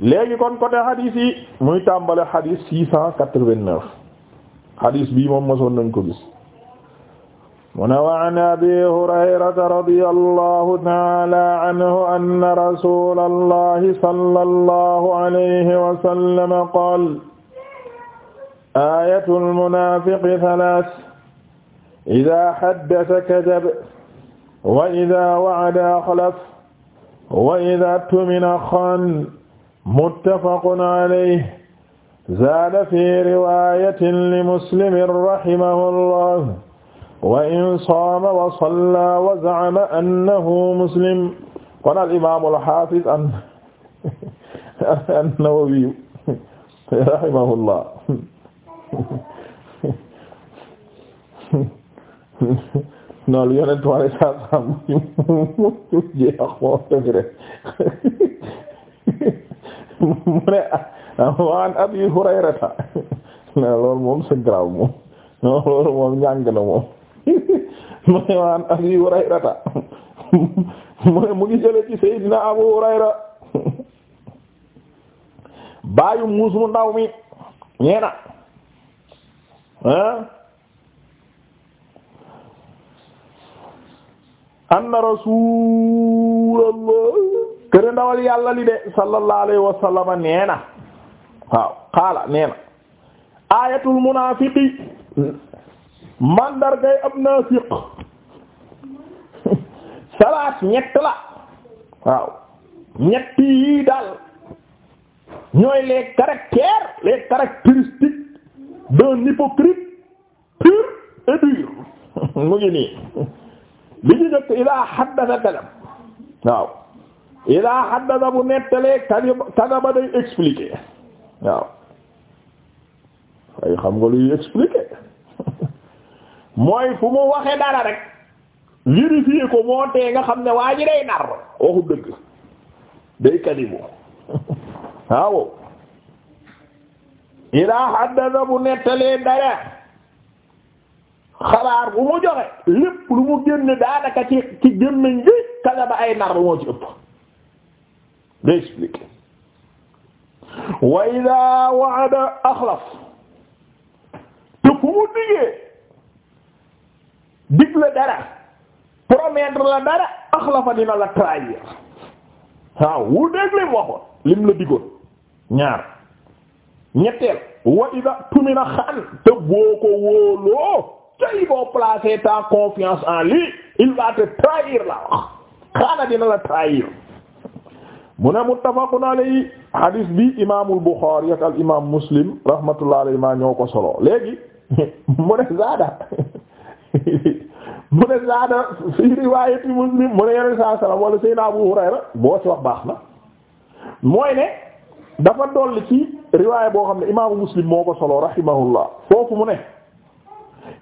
léegi kon côté hadis yi muy tàmbale hadis six cent quatre-vingt-neuf hadis bii moom mosoon nañ ko gis mu ne wa an abi hurayrata radiyallahu taala anhu anna rasulallahi sallallahu alayhi wa sallam qaala ayatul munaafiqi thalath idaa haddasa kadhaba wa idaa wa'ada akhlafa wa idaa tumina xaana muttafaqun alayhi zaada fi riwaayatin li muslimin rahimahullah wa in saama wa salla wa za'ama annahu muslim kon al imaamul haafiz an-Nawawi rahimahullah noonu yonent wala saa saa mu jeex moom tamit rek mu ne waan abi hurayrata loolu moom sa graw moom loolu moom ñàng na moom mu ne waan abi hurayrata mu ne mu ngi jële seydina abu hurayra baayu muus mu ndaw mi ñeena ah anna rasulallah kër ndawal yàlla li de sallallahu alayhi wa sallam nee na waaw xaala nee na aayatul ab naafiq salaat ñett la waaw ñett yii daal ñooy les caractères les caractéristiques d'un hypocrite pur et dur mu ngi li ñu jëkk ilaa haddatha kalam waaw ilaa haddasa bu nettalee kadaba day expliquer waaw ay xam nga luy expliquer mooy fu mu waxee dara rek vérifier ko moo tee nga xam ne waa ji day nar waxu dëgg day kadibu waaw ilaa haddasa bu nettalee dara xabaar bu mu joxe lépp lu mu génne daanaka ci ci gémmiñ gi kadaba ay nar moo ci nga expliqué wa ida waada axlaf te fu digee dig la dara promettre la dara axlafa dina la trahir waaw wu dégg lim waxoon lim la digoon ñaar ñetteel wa ida tumina xan te boo ko wóoloo tay boo placer confiance en lui il va te trahir la wax xaana dina la trahir mu ne muttafaqun alayhi hadis bi imaamul Buxaari ak al imaam Muslim rahmatullah alayhi maa ñoo ko solo léegi mu ne zaada mu ne zaada fi riwaayati Muslim mu ne yeneen saa salaam wala Seydina Abu Hurayra boo ci wax baax na mooy ne dafa dolli ci riwaay boo xam ne imaamu Muslim moo ko solo rahimahullah foofu mu ne.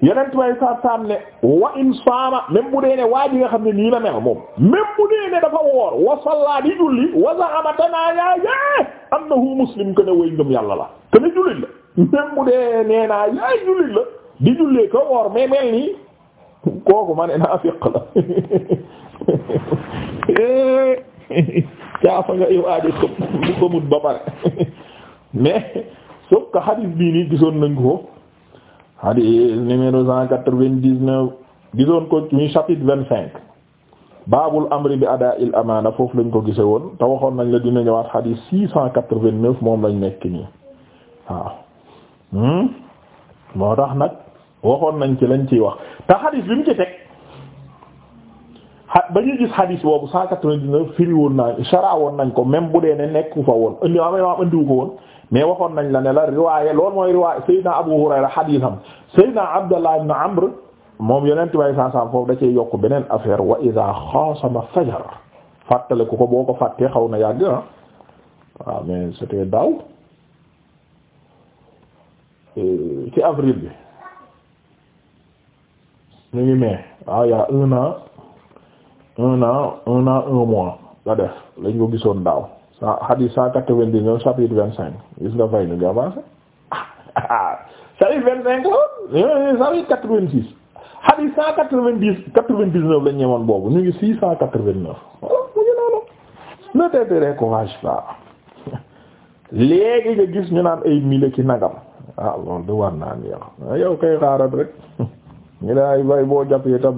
yenent way sa saam ne wa in saama même bu dee ne waa ji nga xam ne nii la mel moom même bu dee ne dafa woor wa salla di julli wa za'amatanaa yaa yaay annahu muslim que ne way ngëm yàlla la que ne jullit la même bu dee nee naa yaay jullit la di jullee ko woor mais mel nii kooku ma ne naafiq la caa fa nga iwaaji ko bu ko mut ba pare mais sauf que hadith bii nii gisoon nañ ko hadith numéro cent quatre-vingt-dix-neuf gisoon ko muy chapitre vingt-cinq baabul amri bi adaa il amaana foofu lañ ko gise woon te waxoon nañ la dina ñëwaat hadith six cent quatre-vingt-neuf moom lañ nekk nii waaw hmm? moo tax nag waxoon nañ ci lañ ciy wax te hadith bi mu ci teg ba ñuy gis hadith boobu cent quatre-vingt-dix-neuf firi woon naa sara woon nañ ko même bu dee ne nekku fa woon indi am indi ko woon mais waxoon nañ la ne la riwaayé loolu mooy riwaayé Seydina Abu Hurayra xadiisam Seydina Abdallah ibn Amr moom yeneen tubaab saa saa foofu da cee yokk beneen affaire wa iza xaasama fajara fàttale ku ko boo ko fàttee xaw na yàgg ah waaw mais c'était daaw euh, ci avril bi ñu ngi mai waaw y'a un an un an un mois la def lañ ko gisoon daaw. cent hadith cent quatre-vingt-dix-neuf chapitre vingt-cinq gis nga fay ñu ngi avancé chapitre vingt-cinq la chapitre quatre boobu ñu ngi six cent quatre-vingt-neuf oh, mu léegi nga gis ñu naan ay mille ki nagam ah loolu de war naa neex ah, yow kay xaaral rek ñu daay bay boo jàppee ta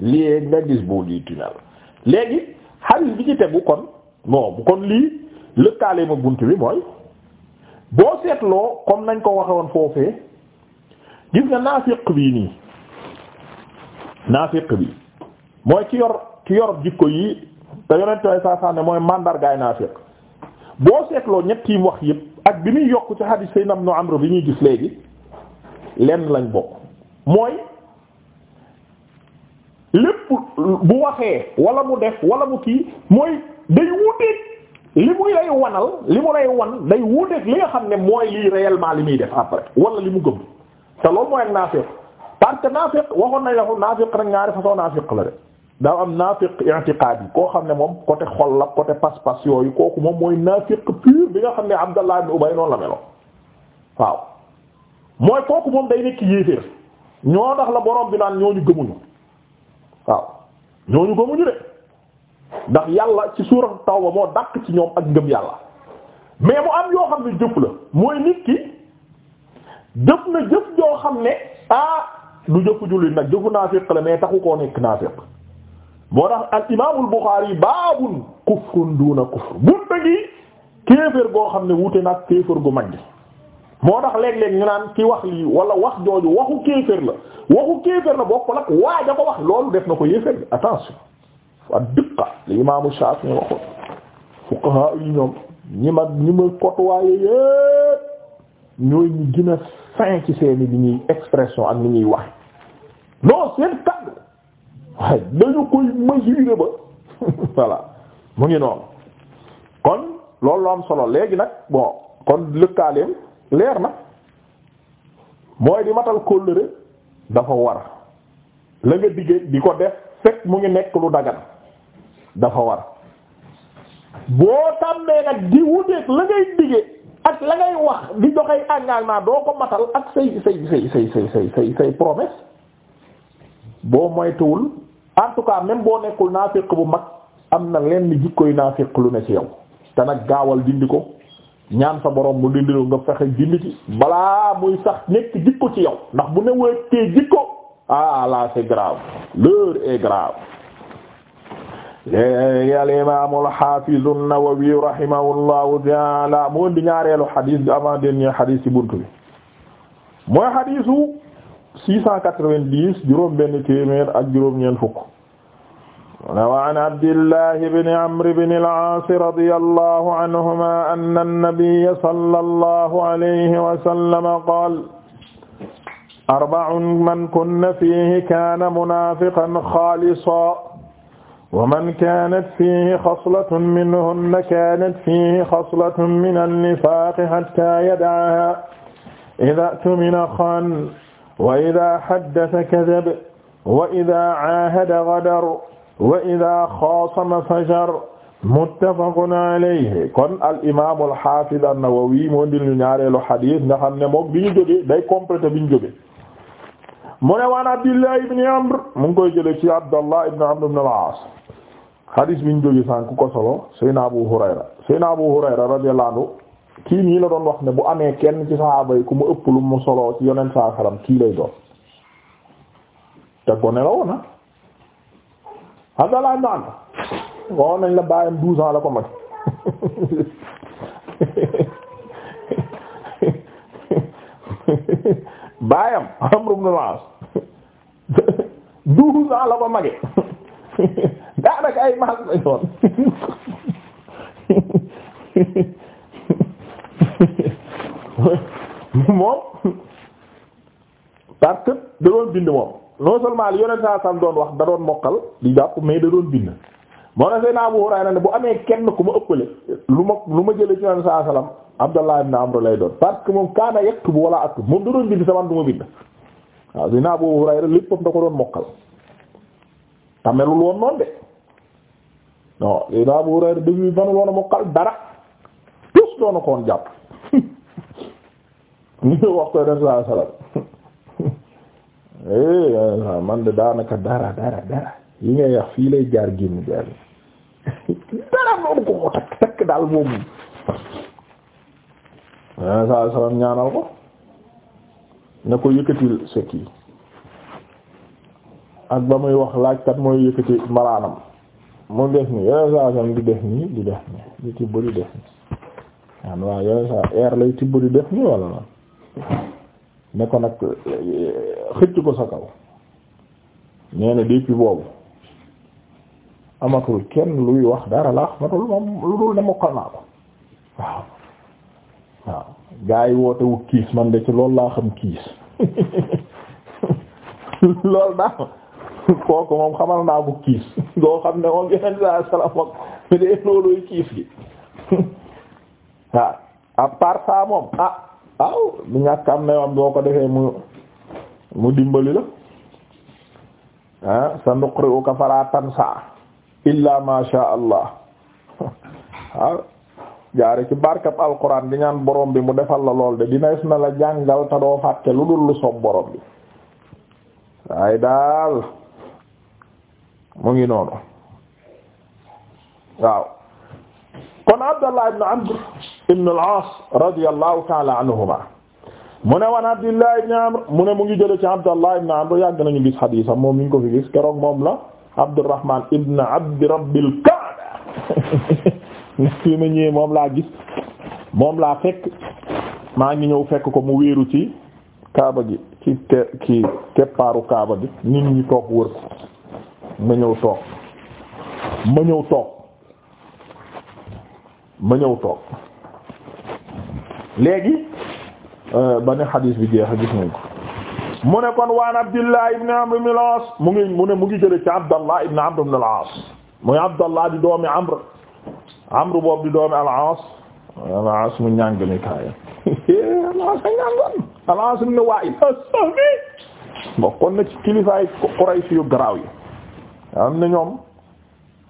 léegi nga gis boo di tunnel léegi hadith bi ci tegu kon non kon lii lëkkaale ma bunt bi mooy boo seetloo comme nañ ko waxe woon foofee gis nga naafiq bii nii naafiq bi mooy ci yor ki yor jikko yi te yonentuwaay saa saa mooy màndargaay naafiq boo seetloo ñetti wax yépp ak bi muy yokk ci hadith Sayyidina Ibn Amr bi ñuy gis léegi lenn lañ bokk mooy lépp bu waxee wala mu def wala mu kii mooy day wuuteeg li muy lay wanal li mu lay wan day wuuteeg li nga xam ne mooy lii réellement li muy def après wala li mu gëm te loolu mooy ak naafiq parce que naafiq waxoon nañ la ko naafiq rek ñaari façon naafiq la de daaw am naafiq i'tiqaad yi koo xam ne moom côté xol la côté pas-pas yooyu kooku moom mooy naafiq pur bi nga xam ne Abdallah ibn Ubay noonu la melo waaw mooy kooku moom day nekk yéeféer ñoo tax la borom bi naan ñooñu gëmuñu waaw ñooñu ndax yàlla ci suuratu tawba moo dàq ci ñoom ak ngëm yàlla mais mu am yoo xam ne jëf la mooy nit ki jëf na jëf joo xam ne ah du jëfu jullit nag jëfu naafiq la mais taxu koo nekk naafiq moo tax al imaamul Buxaari baabun kufrun duuna kufr bunta gi kéefër goo xam ne wute nag kéefër gu mag moo tax léeg-léeg ñu naan ki wax lii wala wax jooju waxu kéefër la waxu kéefër la bokkul ak waaja ko wax loolu def na ko yéefër attention ad-diqqa li imaamu Shaafi'i waxoon fuqaha yi ñoom ñi ma ñi ma côtoyé yépp ñooy ñi gën a fin ci seeni li ñuy expression ak li ñuy wax non seen kàddu waaye dañu koy mesurer ba voilà mu ngi noonu kon loolu la am solo léegi nag bon kon lëkkaaleem leer na mooy di matal kóllëre dafa war la nga digge di ko def fekk mu ngi nekk lu dagan dafa war boo tàmmee nag di wuteeg la ngay dige ak la ngay wax di joxe engagement doo ko matal ak say say say say say say say say promesse boo moytuwul en tout cas même boo nekkul naafiq bu mag am na lenn jikkoy naafiq lu ne ci yow te nag gaawal dindi ko ñaan sa borom mu dindi nga fexe dindi ci balaa muy sax nekk jikko ci yow ndax bu ne wëkkee jikko ah là c'est grave l'heure est grave léegi al imaam al haafiz an-Nawawi rahimahullahu ta'ala mu di ñaareelu xadis bi avant dernier xadis ci buntu bi mooy xadisu six cent quatre-vingt-dix juróom-benn téeméer ak juróom-ñeent fukk wa an Abdillahi ibn Amr ibn al-Aas radiyallahu anhuma anna an-nabiyya sallallahu alayhi wa sallam qaala arba'un man kunna fiihi kaana munaafiqan xaalisan wa man kaanat fiihi xaslatun minhunna kaanat fiihi xaslatun mina an-nifaaqi hattaa yad'ahaa idaa tumina xaana wa idaa haddasa kadaba wa idaa caahada gadara wa idaa xaasama fajara muttafaqun alayhi kon al imaam al xaafid an-Nawawi moo dil ñu ñaareelu xadiis nga xam ne moom bi ñu jógee day complété bi ñu jógee mu ne waan Abdullah ibn Amr mu koy jële ci Abdullah ibn Amr ibn al-As hadis bi ñu jóge sànq ko solo Seyna Abu Hurayra Seyna Abu Hurayra radiyallahu anhu kii nii la doon wax ne bu amee kenn ci saxaaba yi ku mu ëpp lu mu solo ci yonent saa xaram kii lay doon te gone la woon ah Abdullah ibn Amr waxoon nañ la bàyyam douze ans la ko mag baayam Amr ibn al-As douze ans la ko mage daanaka ay maas la ñoon moom parce que da doon bind moom non seulement li saa sam doon wax da doon mokkal di jàpp mais da doon bind moo na seen Abu Hurayra ne bu amee kenn ku ma ëppale lu ma lu ma jële ci yoneen saa salaam Abdallah ibn Amr lay doon parce que moom kaana yaktubu wala aktub moom da doon bind sama du bind waaw dina Abu Hurayra léppam da ko doon mokkal tamelul woon noonu de non dina Abu Hurayra déglu manul woon a mokkal eh, eh, eh, man de daanaka dara dara dara yi ngay wax fii lay jaar génn dara moom ko takk takk daal moom. sallallahu alayhi wasallam ñaanal ko ne ko yëkkatil sekk yi ak ba muy wax laajkat mooy yëkkati malaanam mu def nii yooyu saa sam di def nii di def nii di def nii di def nii ne ko nag xëcc ko sa kaw nee na boobu amatul kenn luy wax dara laax matul moom lu dul mokkal naa ko waaw gaa yi woote wu kiis man de ci loolu laa xam kiis loolu daal kooku moom xamal naa bu kiis ngoo xam ne moom yeneen saa salaam ak mu dee looluy kiis gi waaw à part moom ah aw bu ñàkk am na yoon boo ko defee mu mu dimbali la ah sa nuqri uka falaa tansa illa ma allah waaw jaare ci barkab alquran di ñaan borom bi mu defal la lool de dina su na la jàngal te doo fàtte lu dul lu soob borom bi waaye daal mu ngi noonu waaw kon abdallah ibn amr ibn al-aas radiyallahu ta'ala anhuma mu ne wan abdallah ibn amr mu ne ngi jële ci abdallah yàgg nañu gis xadiis moom ñu ko fi gis keroog moom la abdurrahman ibn abd rabbil kaaba fi ma ñëwee moom laa gis moom laa fekk maa ngi ñëw fekk ko mu wéeru ci kaaba gi ci te ci keppaaru kaaba gi nit ñi toog wër ko ma ñëw toog ma ñëw toog ma ñëw toog léegi euh, ba ne xadiis bi jeex a gis nañ ko mu ne kon waan Abdullah ibn Amr ibn al mu ngi mu ne mu ngi jële ci Abdallah ibn Amr mu al-As muy Abdallah di doomi Amr amru boobu di doomi al-Aas al-Aas mu ñàng mi kaaya al-Aas mu ne waaye as-Sahmi bokkoon na ci kilifaay Quraysh yu garaaw yi am na ñoom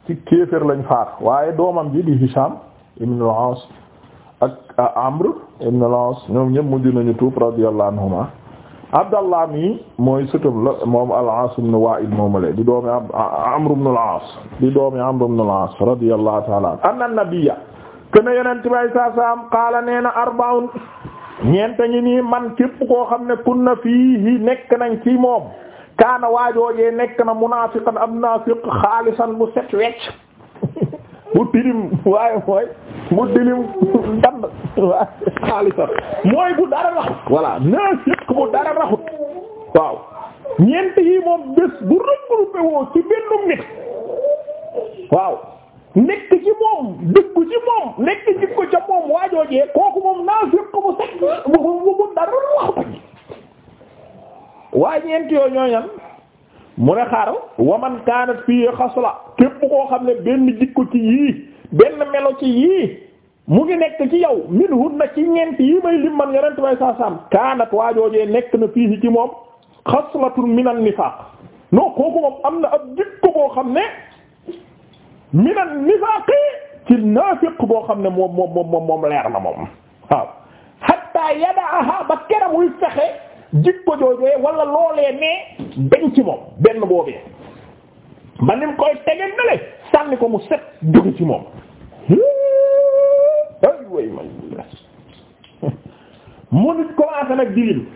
ci kéefër lañ faat waaye doomam ji di Hisham ibn al-Aas ak Amr ibn al-Aas ñoom ñëpp mujj nañu tuub radiyallahu anhuma Abdallah mi mooy sëtam la moom al-Aas ibn Waa'il moomale di doomi Amr ibn al-Aas di doomi Amr ibn al-Aas radiyallahu ta'ala anhu anna nabiyya kena yonent bay saa saam qaala nee na arba'un ñeent man képp koo xam ne kunna fiihi nekk nañ fii moom kaana waajoojee nekk na munaafiqan am naafiq xaalisan bu set wecc bu tirim waaye mooy mu dilim ngand waa xaalisam mooy bu dara raxut voilà naa séq bu dara raxut waaw ñeent yi moom bés bu regroupé woo ci benn nit waaw nekk ci moom dëggu ci moom nekk ci ca moom waajoojee kooku moom naa séq bu set bu bu dara raxut waa ñeent yooyu ñooñan mu ne xaaral waman kaanat fii xasla képp koo xam ne benn jikko ci yii benn melo ci yii mu ngi nekk ci yow min na ci ñeent yi may lim man yonent may saa saam kaanat waajoojee nekk na fii ci moom xaslatun minan nifaaq non kooku moom am na ab jikko boo xam ne minan nifaaq ci naafiq boo xam ne moom moom moom leer na moom waaw hatta yadaaha ba kera muy fexe jikko joojee wala loolee ne benn ci moom benn boobee ba nim koy tege nele sànni ko mu set jóge ci moom ay way may mu nit commencé nag dilim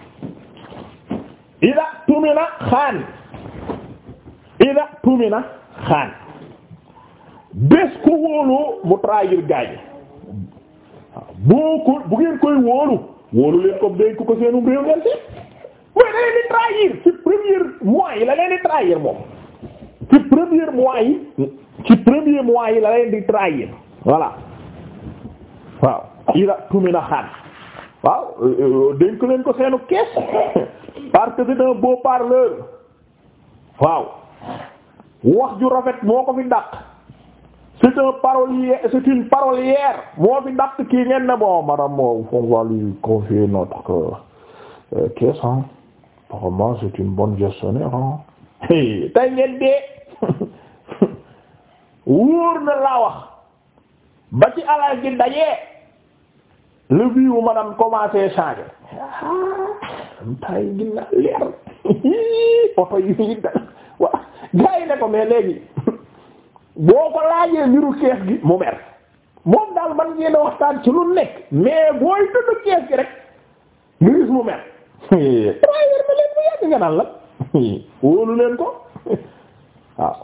ida tumina xaan ida tumina xaan bés ko wóolu mu trahir gaay boo ko bu ngeen koy wóolu wóolu leen ko dénk ko seenum réew ngeen si mooy da trahir ci premier mois yi la leen trahir moom ci premier mois yi ci premier mois yi la leen di trahir voilà waaw ila tumina xaan waaw dénk leen ko seenu kees parce que c'est un beau parleur waaw wax ju rafet moo ko fi dàq c'est un parolier c'est une parolière moo fi dàq kii ngeen ne bon madame on va lui confier notre euh, euh, caisse hein apparemment c'est une bonne gestionnaire hein tey ngeen dee wóor na laa wax ba ci alal gi dajee le vie wu madame commencé changer am ah, tay ginna leer oto yi yi da waaw ne ko mais léegi boo ko laajee mbiru kees gi mu mer moom daal man ngeen waxtaan ci lu nekk mais booy tudd kees gi rek mu mer travailleur ma leen mu yàgg nga naan wóolu leen ko waaw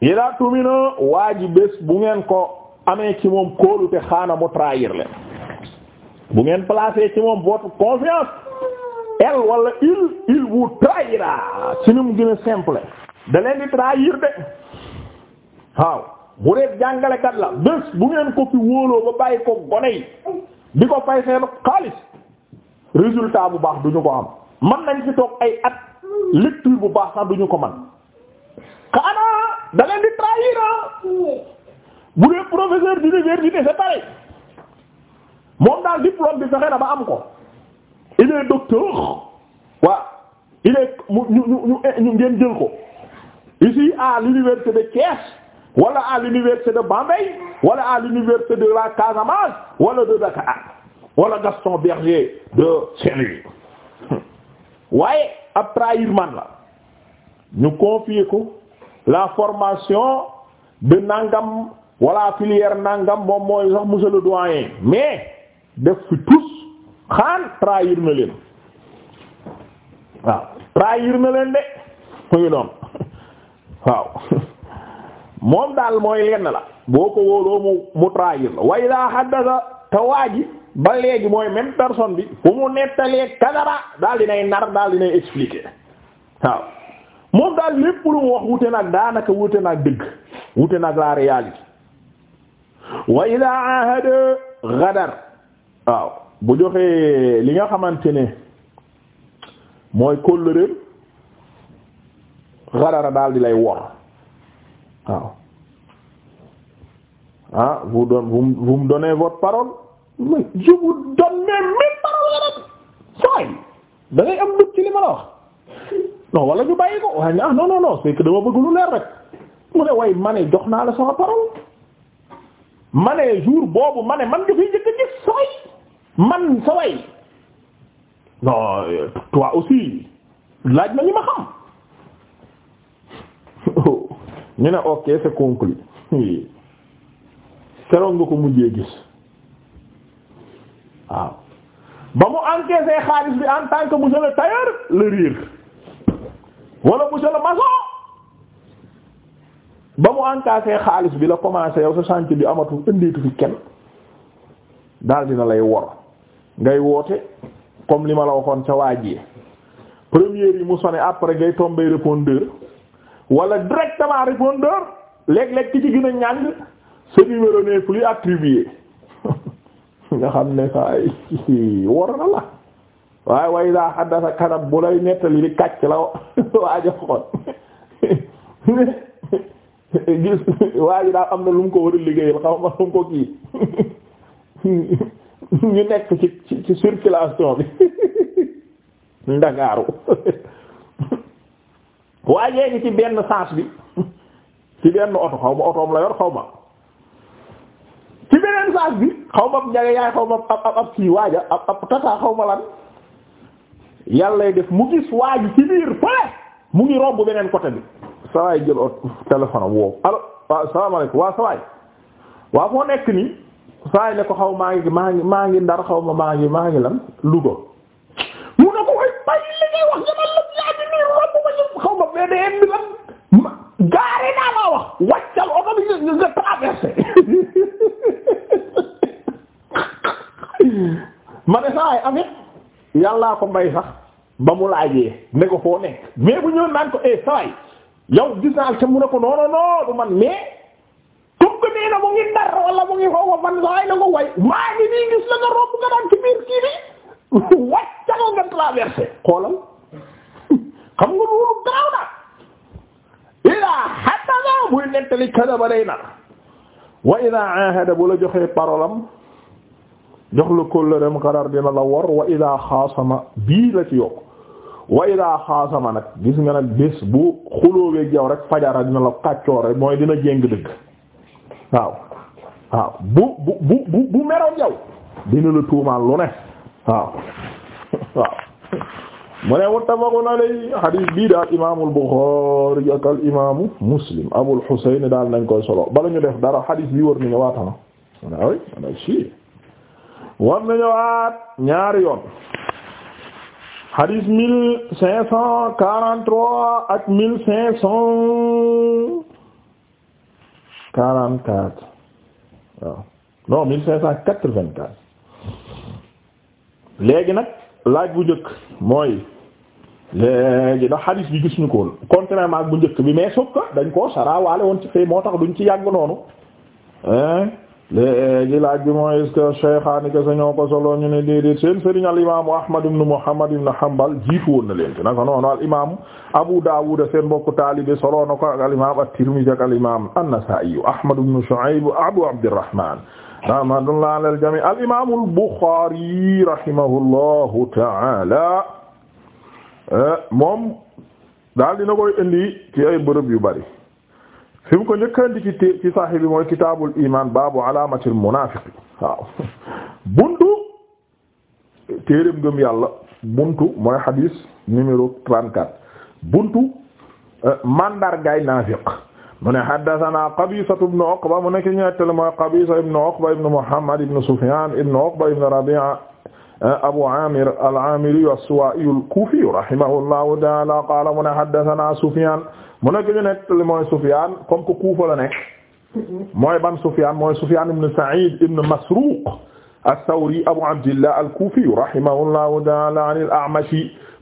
ilaa ah. tumina waa ji bés bu ngeen ko amee ci moom kóolu te xaana mu trahir leen bu ngeen placé ci moom votre confiance elle wala il il vous trahira ci nu mu gën a simple da leen di trahir de waaw bu dee jàngalekat la bés bu ngeen ko fi wóoloo ba bàyyi ko gone yi ko fay seen xaalis résultat bu baax duñu ko am man nañ fi toog ay at lecture bu baax sax duñu ko man ka ana da leen di trahir ah. bu dee professeur d'université c'est pareil moom daal diplôme bi fexe na ba am ko il est docteur waa il est ñu ñu ñu ngeen jël ko ici à l'université de Thiès wala à l'université de Bambey wala à l'université de la Casamance wala de Dakar wala Gaston Berger de saint waaye ab trahir man la ñu confier ko la formation de nangam wala filière nangam moom mooy sax monsieur le doyen mais def fi tous xaan trahir na waaw trahir na de mu ngi noonu waaw moom daal mooy lenn la boo ko wóoloo mu mu trahir la way laa xaddasa te waaji ba léegi mooy même personne bi fu mu nettalee kadara dal dinay nar daal dinay daanaka wute nag dëgg wute nag la réalité wa ida nga xamante ne mooy kóllëréen di lay wor waaw ah vous don vous me donnez votre parole mais je vous donne mille paroles arabes sooy da am dugg ci li ma la wax non wala ñu bàyyi ko waaye ah non non non dama bëgg lu leer rek mu ne way ma ne jox naa la sama parole ma ne jour boobu ma man nga gis sooy man sa way non toi aussi laaj na ñu ma xam ñu ne ok c'est conclu keroog nga ko mujjee gis. waaw ba mu encaissé xaalis bi en tant que monsieur le tailleur le rire wala monsieur le maçon ba mu encaissé xaalis bi la commencé yow sa chantier bi amatul ëndeetu fi ken daal dina lay wor ngay woote comme li ma la waxoon ca waa ji première yi mu sonné après ngay tombé répondeur wala directement répondeur léeg-léeg ki ci gën a ñàng ce numéro n'est plus nga xam ne saa yi wor na la waaye way daa xaddasa kadab bu lay nettali di kàcc la waaja xon gis waaji daal am na lu mu ko war a liggéeyal xaw ma lu mu ko kii ñu nekk ci ci circulation bi ndagaaru waajee ngi ci benn sens bi ci benn oto xaw ma otoom la yor xaw ma ci beneen sens bi xaw ma njaga yaay xaw ma ab ab kii waaja ab ab tata xaw ma lan yàllay def mu gis waaji ci biir fële mu ngi romb beneen côté bi sawaay jël ot téléphone am woowu allo waaw salaamaaleykum waaw sawaay waaw foo nekk nii sawaay ne ko xaw maa ngi maa ngi maa ngi ndar xaw ma maa ngi maa ngi lan Louga mu ne ko koy bay li wax jaman la yaa ngi nii romb ma ñu xaw ma VDN bi lan gaare naa laa wax wàccal oto bi nga traversé ma ne saa yi ko may sax ba mu laajee ne ko foo nekk mais bu ñëw naan ko eh saa yi yow gis naa te ko non non man mais comme que na mu ngi ndar wala mu ngi xaw fan saa yi ko way maa ngi nii gis la nga romb nga daan ci biir kii bi wàccal nga traversé xoolal xam nga loolu gaaw na idaa haddasa buy nettali kadaba day nar wa idaa ahada bu la joxee parolam jox la kóllëreem xarar dina la wor wa idaa xaasama bii la ci yokk wa idaa xaasama nag gis nga nag bés bu xulóoweeg yow rek fajara dina la kàccoore mooy dina jéng dëgg waaw waaw bu bu bu bu meroon yow dina la tuumaal lu ne waaw waaw mu ne na alayhi hadis bii daal imaamul Buxaari ak al imaamu Muslim Abul Husayn daal nañ koy solo bala ñu def dara hadis bi war nañu waatana waaw war nañu waat ñaari yoon hadis mille cinq cent quarante trois ak mille cinq cent quarante quatre waaw non mille cinq cent quatre vingt quatre léegi nag laaj bu njëkk mooy léegi ndax hadis bi gis ñu ko woon contrairement bu njëkk bi mais sauf que dañ koo sara woon ci fee moo tax duñ ci yàgg noonu. léegi laaj bi mooy est-ce que shaykhaani kese ñoo ko solo ñu ne déedéet seen sëriñ al imaamu Ahmad ibn Muhammad ibn Hanbal jiitu woon na leen te naka noonu al imaamu Abu Daawud seen mbokku taalibe solo na ko ak al imaamu at-Tirmidhi ak al imaamu an-Nasaa'i Ahmad ibn Shu'ayb Abu Abdirrahmaan rahmatullahi ala al-jamii' al imaamu al-Bukhaari rahimahullahu ta'aala eh, moom daal dina koy indi ci ay bërëb yu bari. fi mu ko njëkkandi ci ci sahih bi mooy kitaabul iman baabu alaamatil munaafiq waaw buntu téereem ngëm yàlla buntu mooy hadis numéro 34 buntu euh, mandargaay naafiq mu ne haddasanaa Qabisatu ibnu Uqba mu nekk ñetteel mooy Qabisa ibnu Uqba ibnu Muhammad ibnu Sufyaan ibnu Uqba ibnu Rabi'a euh, Abu Aamir al-Aamiri as-Suwaa'i al-Kuufi rahimahullahu ta'aala qaala mu ne haddasanaa Sufyaan mu nekk ñu nekk li mooy Sufyaan comme que Kuufa la nekk mooy ban Sufyaan mooy Sufyaan ibn Sa'iid ibn Masruuq as-Sawri Abu Abdillah al-Kuufi rahimahullahu ta'aala an al-A'mash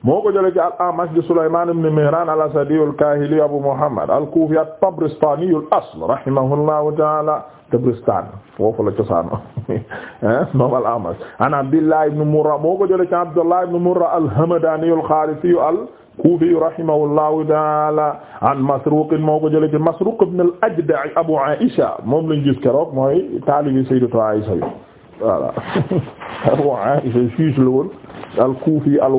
moo ko jëlee ci al-A'mash di Sulaymaan ibn Mihraan al-Asadi al-Kaahili Abu Muhammad al-Kuufi at-Tabristaani al-asl rahimahullahu ta'aala Tabristaan foofu la cosaano eh, moom al-A'mash an Abdillah ibn Murra moo ko jëlee ci Abdullah ibn Murra al-Hamdaani al-Xaarifi al kuufi rahimahullahu taala an Masruq moo ko jëlee ci Masruq ibn Abu Aisha moom lañ gis mooy taalibi Sayyidatu Aisha bi voilà Abu Aisha juge la woon al-Kuufi al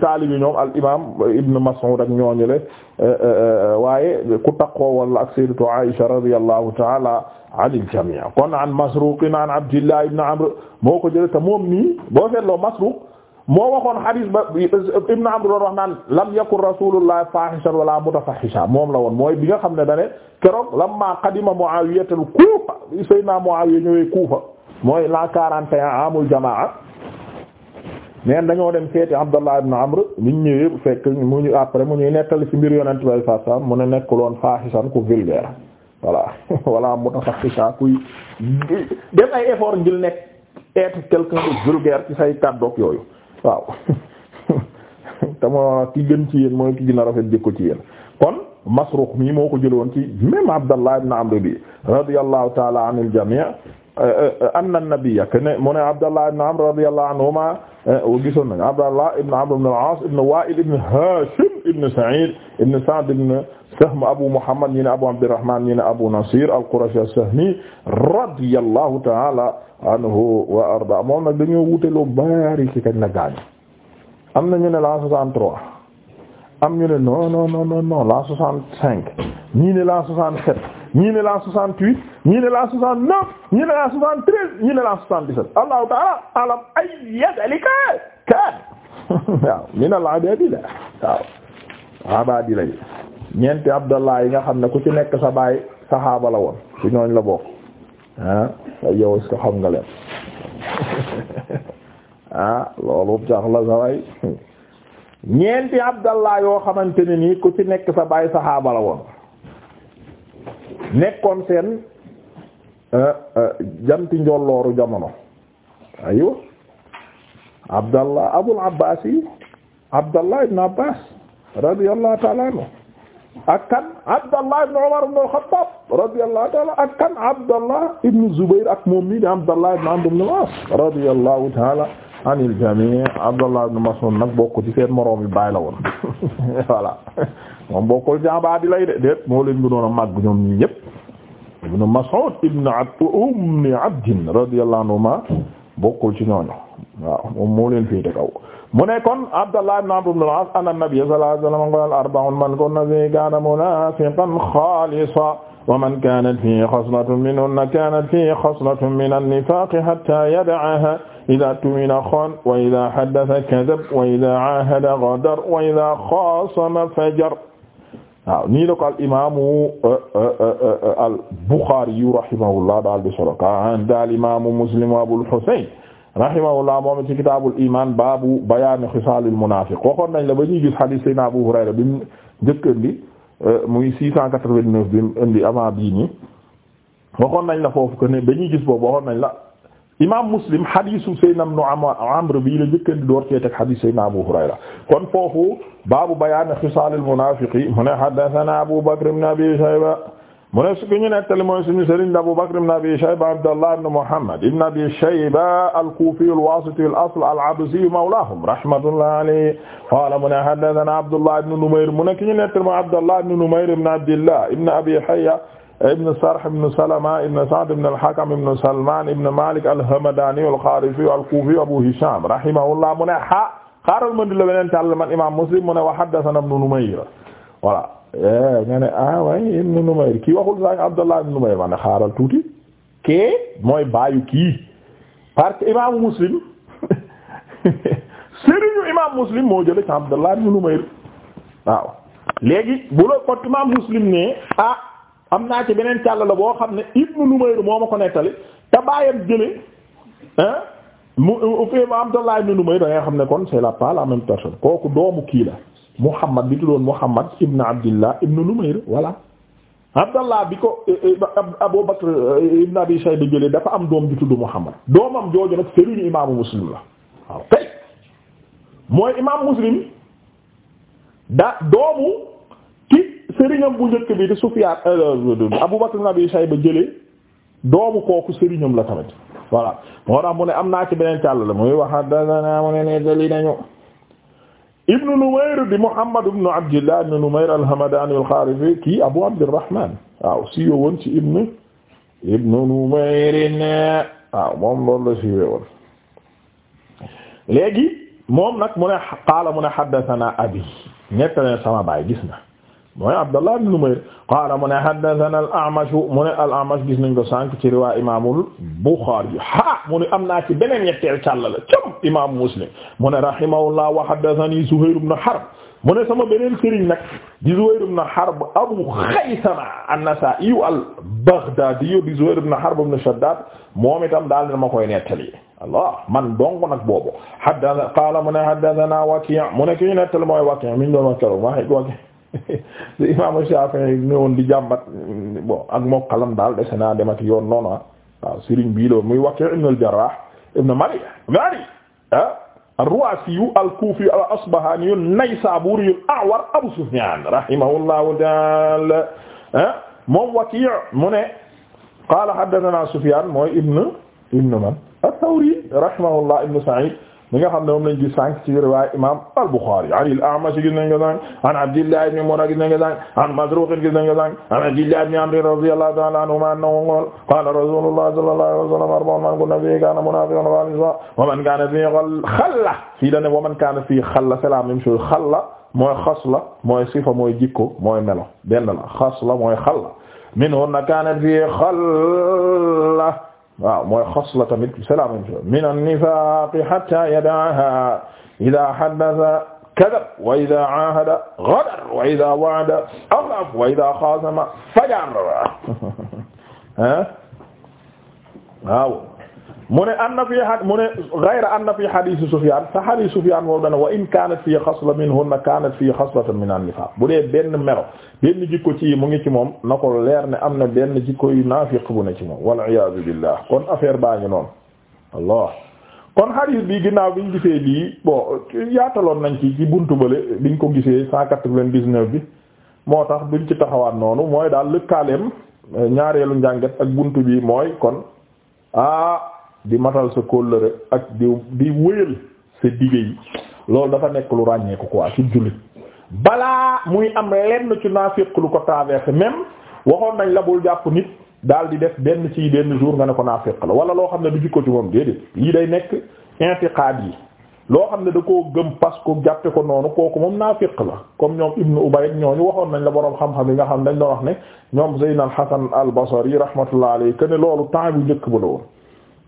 taalibi ñoom al-imaam Ibn Mas'ud eh, eh, eh, waaye ku taqoo wala ak Sayyidatu Aisha radiyallahu taala anil jamii' kon Abdillah ibn Amr moo ko jëlee te moom nii boo seetloo Masruq moo waxoon hadis ba Ibn Amr doon wax naan lam yakun rasulullah fahishan wala mutafahisha moom la woon mooy bi nga xam ne dane keroog lamma qadima Muawiya al Kufa sayyidina Muawiya ñëwee Kufa mooy la quarante et un amul jamaa neen dañoo dem seeti Abdallah ibn Amr miñ ñëwee fekk mu ñu après mu ñuy nettali ci mbir yonent bay sa sam mu ne nekkuloon fahishan ku vulgaire voilà wala mutafahisha kuy def ay effort ngir nekk être quelqu'un de vulgaire ci say kàddoog yooyu waaw te moo ki gën ci yéen mooy ki gën a rafet jikko ci yéen kon Masruq mii moo ko jëloon ci même Abdallah ibn Amr bi radiyallahu ta'ala anil jami' anna nabiyya ne mu ne Abdallah ibn Amr radiyallahu anhuma eh, gisoon nañu Abdallah ibn Amr ibn al-As ibn Wa'il ibn Hashim ibn Sa'id ibn Sa'd ibn Sahm Abu Muhammad ñi ne Abu Abdurrahman ñi ne Abu Nasir al-Qurashi as-Sahmi radiyallahu ta'ala anhu wa arda moom nag dañoo wute lu bari ci kañ la gaañu am na ñu ne l'an 63 am ñu ne non non non non l'an 65 ñii ne l'an 67 ñii ne la 68 ñii ne la 69 ñii ne la 73 ñii ne la 77 allahu taala alam ay yazalika kan waaw min al abadila waaw abadila yi ñeenti abdallah yi nga xam ne ku ci nekk sa baay saxaaba la woon ci ñooñ la bokk ah ay yow est-ce que xam nga leen ah loolu jax la sa way ñeenti abdallah yoo xamante ne nii ku ci nekk sa baay saxaaba la woon nekkoon seen euh, euh, janti njollooru jamono aywa abdallah abul abbas yi abdallah abdallah ibn umar ibn al-khattab abdallah ibn amr ibn al-as radiyallahu anil jami Abdullah ibn Mas'ud nag bokk ci seen moroom yi la woon voilà moom bokkul jàmbaar di lay de déet moo leen gënoon a màgg ñoom ñii ñëpp ibn Mas'ud ibn Abd Abd radiyallahu anhuma bokkul ci ñooñu waaw moom moo leen kaw mu ne kon Abdullah ibn Amr ibn al arba'un man kunna fi kana munafiqan khalisan wa man kaanat fiihi xaslatun minhunna kaanat fiihi xaslatun mina nifaaqi hattaa yada'ahaa idaa tumina xaan wa idaa haddasa kadab wa idaa aahada gadar wa idaa xaasama fajar waaw nii la ko al imaamu uh, uh, uh, al Buxaari rahimahullah daal di solo kaan daal imaamu Muslim wa Abul Husayn rahimahullah moom ci kitaabul iimaan baabu bayaani xisaalil munaafiq waxoon nañ la ba ñuy gis hadiis Sayyidinaa Abu Hurayra bi njëkkandi Euh, muy 689 bi mu indi avant bii nii waxoon nañ la foofu que ne dañuy gis boobu waxoon nañ la imaam la njëkk a door cee teg xadiis Seydina Abu Hurayra kon foofu baabu bayaani xisaalil Abu Bakr ibn mu ne su ñu nettali mooy suñu sëriñ Abu Bakr ibn Abi Shayba Abdallah ibn Muhammad ibn Abi Shayba al-Kufi al-Wasiti al-asl al-Absi mawlahum rahmatullah alayhi qala mu ne haddathana Abdullah ibn Numayr mu ne ki ñu nettali mooy Abdallah ibn Numayr ibn Abdillah ibn Abi Hayya ibn Sarh ibn Salama ibn Sa'd ibn al-Hakam ibn Salman ibn Malik al-Hamadani al-Kharifi al-Kufi Abu Hisham rahimahullah mu ne ha xaaral ma di la beneen tàll man imam Muslim mu ne wa haddathana ibn Numayr voilà Eh, nga ne ah waaye ibn Numayr kii waxul sànq Abdallah ibn Numayr ma ne xaaral tuuti kee mooy baayu kii parce imaamu Muslim sëriñu imam Muslim moo jële ci Abdallah ibn Numayr waaw léegi bu la ko Muslim ne ah am naa ci beneen càll la boo xam ne ibn Numayr moo ma ko nettali te baayam jële ah mu fi Abdallah ibn Numayr da nga xam ne kon c'est la pas la même personne kooku doomu kii la Muhammad bi tuddoon Muhammad ibn Abdillah ibn Numayr voilà Abdallah bi ko eh, eh, Abu Bakr eh, ibn Abi Shayba jëlee dafa am doom ju tudd Muhammad doomam jooju nag sëriñu imaamu Muslim la waaw tey mooy imaam Muslim da doomu ki sëriñam bu njëkk bi di Sufyaan Abu Bakr ibn Abi Shayba jëlee doomu kooku sëriñam la tamit voilà moo tax mu ne am naa ci beneen càll la muy wax dana mu ne nettali nañu ibnu Numayr di Muhammad ibnu Abdillah ibnu Numayr al-Hamadani al-Kharifi kii Abu Abdirrahman waaw siiwe woon ci ibnu ibnu Numayr ne waaw moom loolu la siiwe woon léegi moom nag mu ne qaala mu ne haddathana abi nettali sama baay gis na mooy Abdallah ibn Numayr qaala mu ne haddathana al-A'mash mu ne al-A'mash gis nañ ko sànq ci riwaa imaamul Buxaari ha mu ne am naa ci beneen ñetteel càllale cam imaamu Muslim mu ne rahimahullah wa haddathani Zuhayr ibn Harb mu ne sama beneen sëriñ nag di Zuhayr ibn Harb Abu Khaythama an-Nasaa'i al-Baghdaadi di Zuhayr ibn Harb ibn Shaddaad moom itam daal dama koy nettali Allah man dong nag boobu haddathana qaala mu ne haddathana Waki' mu ne ki ñu nettali mooy Waki' min doon wax keroog li imaamu Shafi'i ñëwoon di jàmbat bon ak mokkalam daal de naa demati yoon noonu ah waaw Serigne bii Waki' ibn al-Jarrah ibn Mari Mari ah ar al-Kufiyu al-Asbahaniyu an-Naysaburiyu al-A'war Abu Sufyan rahimahullahu ta'ala ah moom Waki' mu ne qala haddathana ibn ibn man ath ibn Sa'id mi nga xam ne moom lañ gis sànq ci riwaaya imam al-Bukhari an al-A'mash gis nañ ko sànq an Abdillah ibn Murra gis nañ ko sànq an Masruq gis nañ ko sànq an Abdillah ibn Amr radiyallahu ta'ala anhuma annahu qala qala rasulullah sallallahu alayhi wa sallam arba'un man kunna fihi kana munafiqan wa man kana fihi khalla fii dane wa man kana fihi khalla c'est la même chose khalla mooy xas la mooy sifa mooy jikko mooy melo benn la xas la mooy xalla minhu na kana fihi khalla waaw mooy xasla tamit c'est la même chose min an-nifaaq hatta yada'aha idha haddatha kadhab wa idha 'ahada ghadar wa idha wa'ada akhlaf wa idha khasama fajar waaw mu ne anna fi a mu ne ghayra anna fi hadith Sufyan sa hadith Sufyan moom dana wa in kanat fii xasla minhunna kanat fii xaslatan min an-nifaq bu dee benn melo benn jikko ci mu ngi ci moom na leer ne am na benn jikko yi naafiq bu ne ci moom wal iyaadu billah kon affaire baa ngi noonu Allah kon hadith bi ginnaaw biñ gisee lii boo yaataloon nañ ci ci buntu bale biñ ko gisee cent quatre-vingt-dix-neuf bi moo tax duñ ci taxawaat noonu mooy daal lëkkaaleem ñaareelu njàngat ak buntu bi mooy kon ah, di matal sa kóllëre ak di di wëyal sa dige yi loolu dafa nekk lu ràññeeku quoi ci jullit balaa muy am lenn ci naafiq lu ko traversé même waxoon nañ la bul jàpp nit daal di def benn ci benn jour nga ne ko naafiq la wala loo xam ne du jikko ci moom déedéet lii day nekk intiqaad yi loo xam ne da koo gëm parce que jàppe ko noonu kooku moom naafiq la comme ñoom ibnu Ubay ñooñu waxoon nañ la boroom xam-xam yi nga xam dañ doon wax ne ñoom Zayn al-Hasan al-Basri rahmatullah alayhi que ne loolu temps bu njëkk ba la woon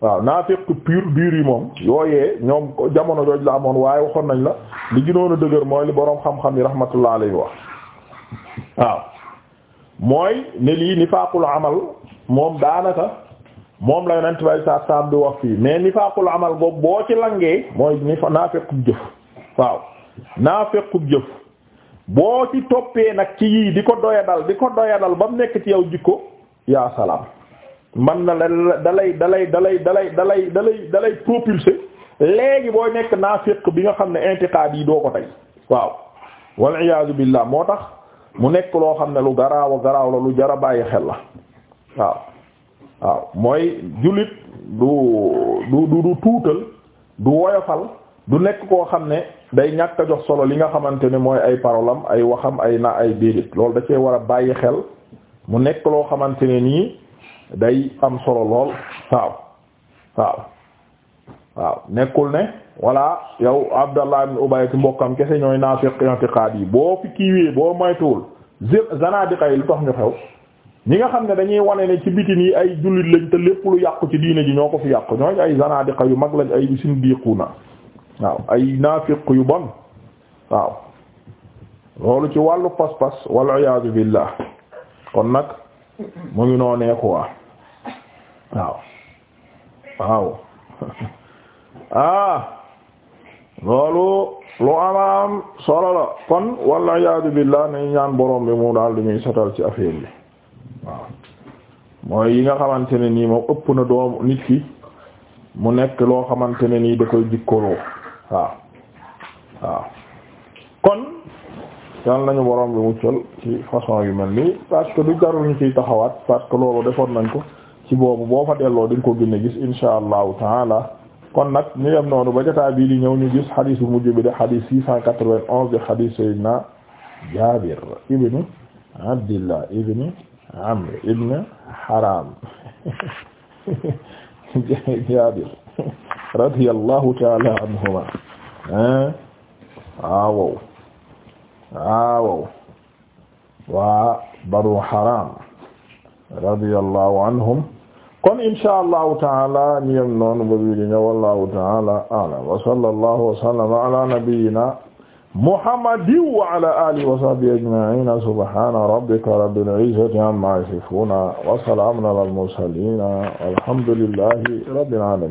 waaw naafiq pur biir yi moom yooyee ñoom jamono jooj la amoon waaye waxoon nañ la li gënoon a dëgër mooy li boroom xam-xam yi rahmatullah alayhi wax waaw mooy ne lii amal moom daanaka moom la yonent bay saa saam bi wax fii mais nifaaqul amal boobu boo ci langee mooy nifa naafiqub jëf waaw naafiqub jëf boo ci toppee nag ci yii di ko doyadal di ko doyadal ba mu nekk ci yow jikko yaa salaam man na la dalay dalay dalay dalay dalay dalay dalay propulser léegi booy nekk naafiq bi nga xam ne intiqaad yi doo ko tey waaw wal iyaazu billaah moo tax mu nekk loo xam ne lu garaaw garaaw la lu jara bàyyi xel la waaw waaw mooy jullit du du du tuutal du woyofal du nekk koo xam ne day ñàkk a jox solo li nga xamante ne mooy ay parolam ay waxam ay na ay déedéet loolu da cee war a bàyyi xel mu nekk loo xamante ne nii day am solo lool waaw waaw waaw nekkul ne walla yow Abdallah ibn Ubay mbokkam kese ñooy naafiq intiqaad yi boo fi kiiwee boo moytuwul zanadiqa yi lu tax ñu xew ñi nga xam ne dañuy wane ne ci bitin yi ay jullit lañ te lépp lu yàqu ci diine ji ñoo ko fi yàqu ñooñu ay zanadiqa yu mag lañ ay sindiquna waaw ay naafiq yu bon waaw loolu ci wàllu pas-pas wal iyaadu billah kon nag mu ngi noonee quoi waaw waaw ah loolu lu amaam solo la kon walla iyaadu billah nañ ñaan borom bi mu daal di ñuy satal ci affaire bi waaw mooy yi nga xamante ne nii moom ëpp na doom nit ki mu nekk loo xamante ne nii da koy jikkoloo waaw waaw kon yal nañu borom bi muccal ci façon yu mel nii parce que du jarul ñu ciy taxawaat parce que loolu defoon nañ ko ci boobu boo fa delloo di nga ko gën a gis insha allahu taala kon nag ñu yem noonu ba jotaay bii di ñëw ñu gis xadis bu mujj bi de xadis 691 de xadis sayyidina Jaabir ibn Abdillah ibn Amr ibn Haram Jaabir radiyallahu taala anhuma waawow ah, waawow ah, waa Banu Haram radiyallahu anhum kon insha allahu taala ñu yem noonu ba bii di ñëw wallahu taala a'lam wa sallallahu wa sallama ala nabiyyina muhammadin wa ala alihi wa sahbihi ajma'ina subhana rabbika rabbil izzati amma yasifuna wa salamun ala al mursalin walhamdulillahi rabbil alamin